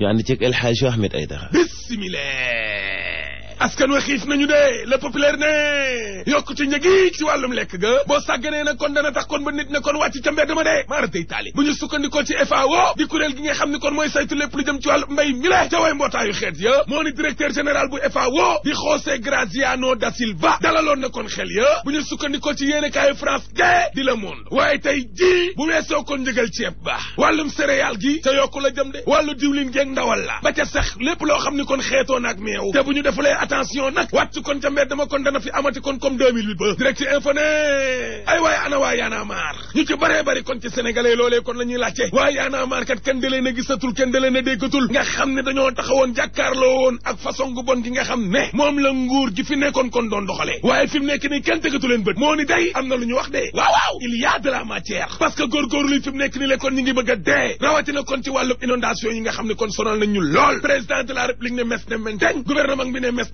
ñu ànd ceeg El Hadj Ahmed Aïdara bismillah askan wa xiif nañu de le populaire ne yokk ci njëg yi ci wàllum lekk ga boo sàgganee nag kon dana tax kon ba nit ne kon wàcc ca mbedd ma dee maaratey taali bu ñu sukkandikoo ci FAO di kuréel gi nga xam ne kon mooy saytu lépp lu jëm ci wàllu mbay mi le ca way mbootaayu xeet ya moo ni directeur général bu FAO di José Graziano da Silva dalaloon na kon xel ya bu ñu sukkandikoo ci yéenekaayu France ga di Le Monde waaye tey jii bu weesoo kon njëgal ceeb ba wàllum céréale gi ca yokku la jëm de wàllu diwlin geeg ndawal la ba ca lépp loo xam ni kon xeetoo naag meew bu ñu defulee attention nag wàcc kon ca mbedd ma kon dana fi amati kon comme 2008 ba direct info ay waaye ana waa yaana maar ñu ci bëree bëri kon ci sénégalais loolee kon la ñuy laajte waa yaana maar kat kenn dalee na gisatul kenn dalee na nga xam ne dañoo taxawoon jàkkaarloo woon ak façon gu bon gi nga xam ne moom la nguur gi fi nekkoon kon doon doxalee waaye fi nekk nii kenn tëggatu leen bët moo ni day am na lu ñu wax de waaw waaw il y a de la matière parce que góorgóorlu yi fi mu nekk a dee rawatina kon ci wàllub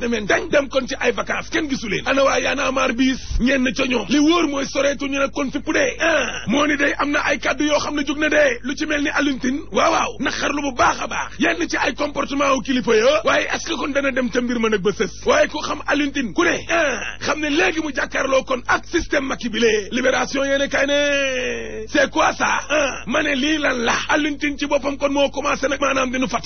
ne men dañ dem kon ci ay vacances kenn gisu leen ana waa yaana maar biis ñenn ca ñoom li wóor mooy soreetu ñu kon fi pudee ah moo ni day am na ay kàddu yoo xam ne jóg na dee lu ci mel ni aluntin waaw waaw naqarlu bu baax a baax yenn ci ay comportement wu kilifa ya waaye est-ce kon dana dem ca mbir ma na ba sës waaye ku xam aluntin ku ne ah xam ne léegi mu jàkkaarloo kon ak système ma bi lee libération yéene kay ne c'est quoi ça ah, ma ne lii lan la aluntin ci boppam kon moo commencé nag maanaam dinu fat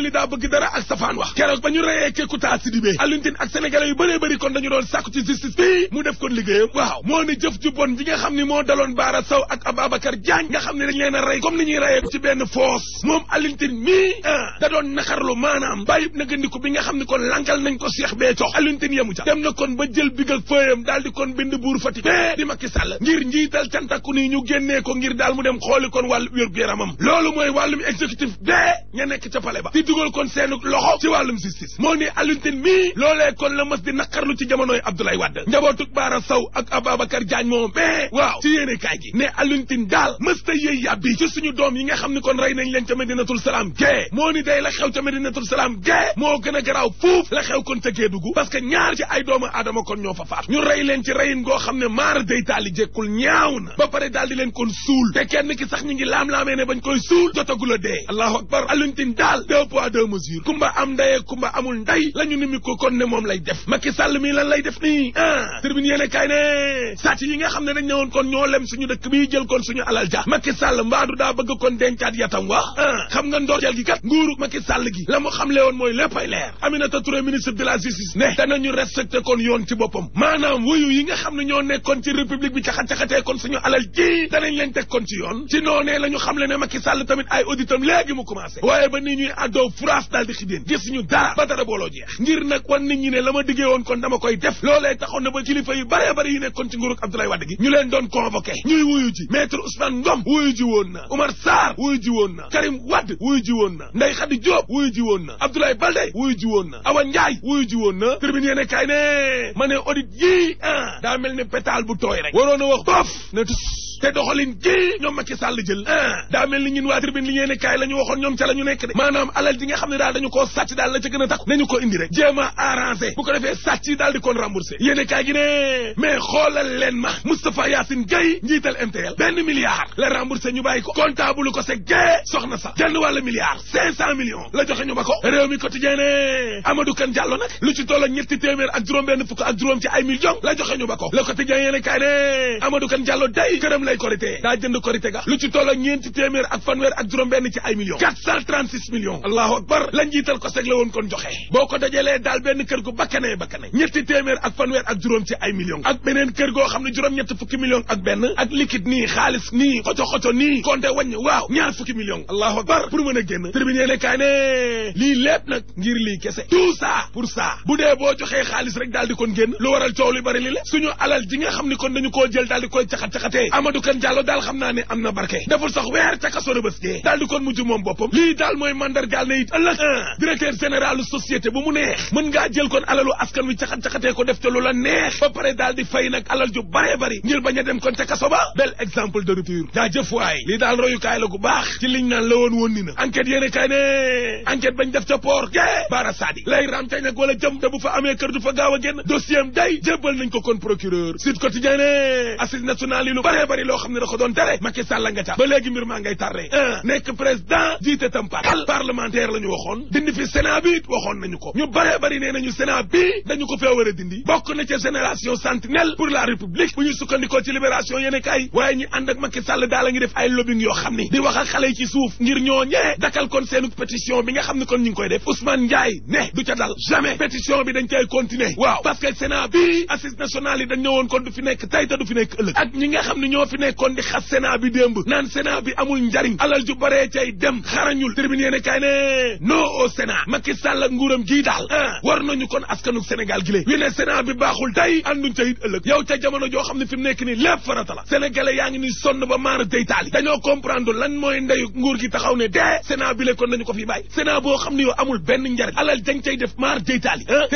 ni daa bëgg dara ak safaan ba ñu reyee Kékouta Sidibé Alioune Tine ak sénégalais yu bëree bëri kon dañu doon sàkku ci justice bi mu def kon liggéeyam waaw moo ne jëf ju bon ji nga xam ne moo daloon Baara Sow ak Ababacar Diagne nga xam ne dañ rey comme ni ñuy reyee ci benn foos moom Alioune Tine mii ah da doon naxarlu maanaam bàyyib na bi nga xam ne kon lankal nañ ko Cheikh Béthio Alioune Tine yamu ca dem na kon ba jël big fëyam daal di kon bind buur Fatick mais di Macky Sall ngir njiital cantakku ngir daal mu dem xooli kon wàllu wér-gu-yaramam loolu mooy wàllum exécutif de ña kon seen loxo ci wàllum si justice moo ni Alioune Tine mii loolee la mës di naqarlu ci jamonoy Abdoulaye Wade njabootug Baara Sow ak Ababacar moom mais waaw ci yéene kaay gi ne Alioune daal mës ta yëy yàbbi ci suñu doom yi nga xam ni kon rey nañ leen ca Medinatul Salaam gee moo ni day la xew ca Medinatul Salaam gee moo gën a garaaw fuuf la xew kon ca Kédougou parce que ñaar ci ay doomu aadama kon ñoo fa faat ñu rey leen ci reyin goo xam ne maar day taali jekkul ñaaw na ba pare daal di leen kon suul kumba amul nday la ñu ni kon ne moom lay def Macky sàll mi lan lay def nii ah tribune yéene kaay ne sàcc yi nga xam ne dañ ne woon kon ñoo lem suñu dëkk bi jël kon suñu alal ja Macky Sall mbaadu daa bëgg kon dencaat yatam wax ah xam nga ndoorteel gi kat nguuru Macky Sall gi la mu xamle woon mooy léppay leer Aminata Touré ministre de la justice ne danañu respecté kon yoon ci boppam maanaam wuyu yi nga xam ne ñoo nekkoon ci république bi caxat-caxatee kon suñu alal ji danañ leen teg ci yoon ne Macky Sall tamit ay auditam léegi commencé waaye ba nii ñuy addoo France daal dara ba dara booloo jeex ngir nag wan nit ñi ne la ma diggee woon kon dama koy def loolee taxoon na ba kilifa yu bare bare yu nekkoon ci nguurug Abdoulaye Wade gi ñu leen doon convoqué ñuy wuyu ji maître Ousmane Ngom wuyu ji woon na Oumar Sarr wuyu ji woon na Karim Wade wuyu ji woon na Ndeye Khady Diop wuyu ji woon na Abdoulaye Balde wuyu ji woon na Awa Ndiaye wuyu ji woon na tribune yéene kaay ne ma ne audit yii ah daa mel ne pétale bu tooy rek waroon a wax boof na te doxalin gi ñoom Macky Sall jël ah daa mel ni ñun waa tribune li ñeen kaay la ñoom ca la nekk de maanaam alal ji nga xam ne daal dañu koo sàcc daal la ca gën a takku nañu ko indi rek jéem bu ko defee sàcc yi daal di koon remboursé yéene gi ne mais xoolal leen ma Moustapha Yacine Gueye njiital MTL benn milliard la remboursé ñu bàyyi ko comptable ko se gée soxna sa jënd wàlla milliard cinq cent millions la joxe ñu ba ko réew mi ko le lay korité daa jënd korité ga lu ci toll ak ñeenti téeméer ak fanweer ak juróom-benn ci ay millions 436 millions allahu akbar la njiital ko seg la woon kon joxe boo ko dajalee daal benn kër gu bakkanee bakkane ñetti téeméer ak fanweer ak juróom ci ay millions ak beneen kër goo xam ne juróom-ñett fukki millions ak benn ak liquide nii xaalis nii xoco xoco nii compté waññ waaw ñaar fukki millions allahu akbar pour mën a génn tribune ne kaay ne lii lépp nag n lii kese tout ça bu dee boo joxee xaalis rek daal di kon génn lu waral coow li bari li la suñu alal ji nga koo jël daal di Mamadou Kane Diallo daal xam naa ne am na barke deful sax weer ca kaso Rebeuss dee daal di kon mujj moom boppam daal mooy mandargaal na it ëllëg ah. directeur général société bu mu neex mën ngaa jël kon alalu askan wi caxat-caxatee ko def ca lu la neex ba pare daal di fay nag alal ju bare bari ngir bañ a dem kon ca kaso ba bel exemple de rupture daa jëf waay lii daal royukaay la gu baax ci liñ la woon woon ni na enquête yéene kay ne enquête bañ def ca port ga baara saadi a loo xam ne da ko doon tere Macky Sall nga ca ba léegi mbir maa ngay tarre un nekk président jiite tam parti parlementaire la ñu dindi fi Sénat bi waxoon nañu ko ñu bëree bëri nee nañu Sénat bi dañu ko fee a dindi bokk na ca génération sentinelle pour la république bu ñu sukkandikoo ci libération yéen waaye ñi ànd ak Macky Sall daal a ngi def ay lobbying yoo xam ni di wax ak xale yi ci suuf ngir ñoo ñee dakal kon seenu pétition bi nga xam nekkoon di xas Sénat bi démb naan Sénat bi amul njariñ alal ju baree cay dem xarañul tribune yéene kaay ne non au Sénat Macky Sall ak nguuram daal ah war kon askanuk Sénégal gi lée wi ne Sénat bi baaxul tey ànduñ ca it yow ca jamono joo xam ne fi mu nekk nii lépp farata la sénégalais yaa ngi ni sonn ba maara deytaali dañoo comprendre lan mooy ndeyu gi taxaw ne dee Sénat bi le kon ko fi boo xam ne yow amul benn njariñ alal jang cay def maar deytaali ah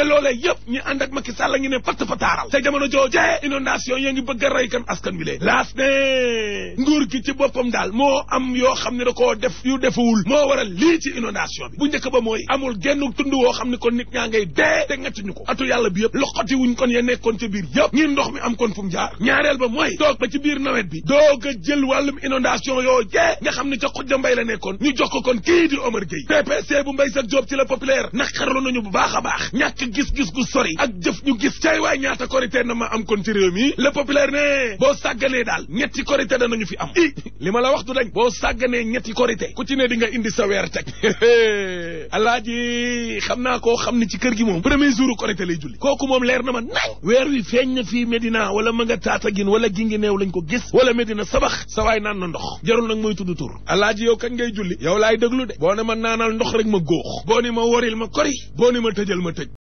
ñu ànd ak Macky Sall ngi ne fatt fataaral ca jamono joo jee inondation yaa ngi bëgg a rey kan askan wi lee ne nguur gi ci boppam daal moo am yoo xam ne da koo def yu defuwul moo waral lii ci inondation bi bu njëkk ba mooy amul genn tund woo xam ne kon nit ñaa ngay dee te ngacc ko atu yàlla bi yëpp loxoti wuñ kon ya nekkoon ci biir yëpp ngir ndox mi am kon fu mu jaar ñaareel ba mooy toog ba ci biir nawet bi doog a jël wàllum inondation yoo jee nga xam ne ca xujja mbay la nekkoon ñu jox ko kon kii di Omar Gueye PPC bu mbay sa job ci la populaire naqarlu nañu bu baax a baax ñàkk gis-gis gu sori ak jëf ñu gis cay waay ñaata korité na ma am kon ci réew mi le populaire ne boo sàgganee daal ñetti korité danañu fi am i li ma la wax du dañ boo sàgganee ñetti korité ku ci ne di nga indi sa weer teg alaaji xam naa koo xam ne ci kër gi moom premier jour korité lay julli kooku moom leer na ma nañ weer wi feeñ na fi Medina wala ma nga Tattaguine wala gingi neew lañ ko gis wala Medina sabax sa waay naan na ndox jarul nag mooy tudd tur alaaji yow kañ ngay julli yow laay déglu de boo ne ma naanal ndox rek ma góox boo ni ma woril ma kori boo ni ma tëjal ma tëj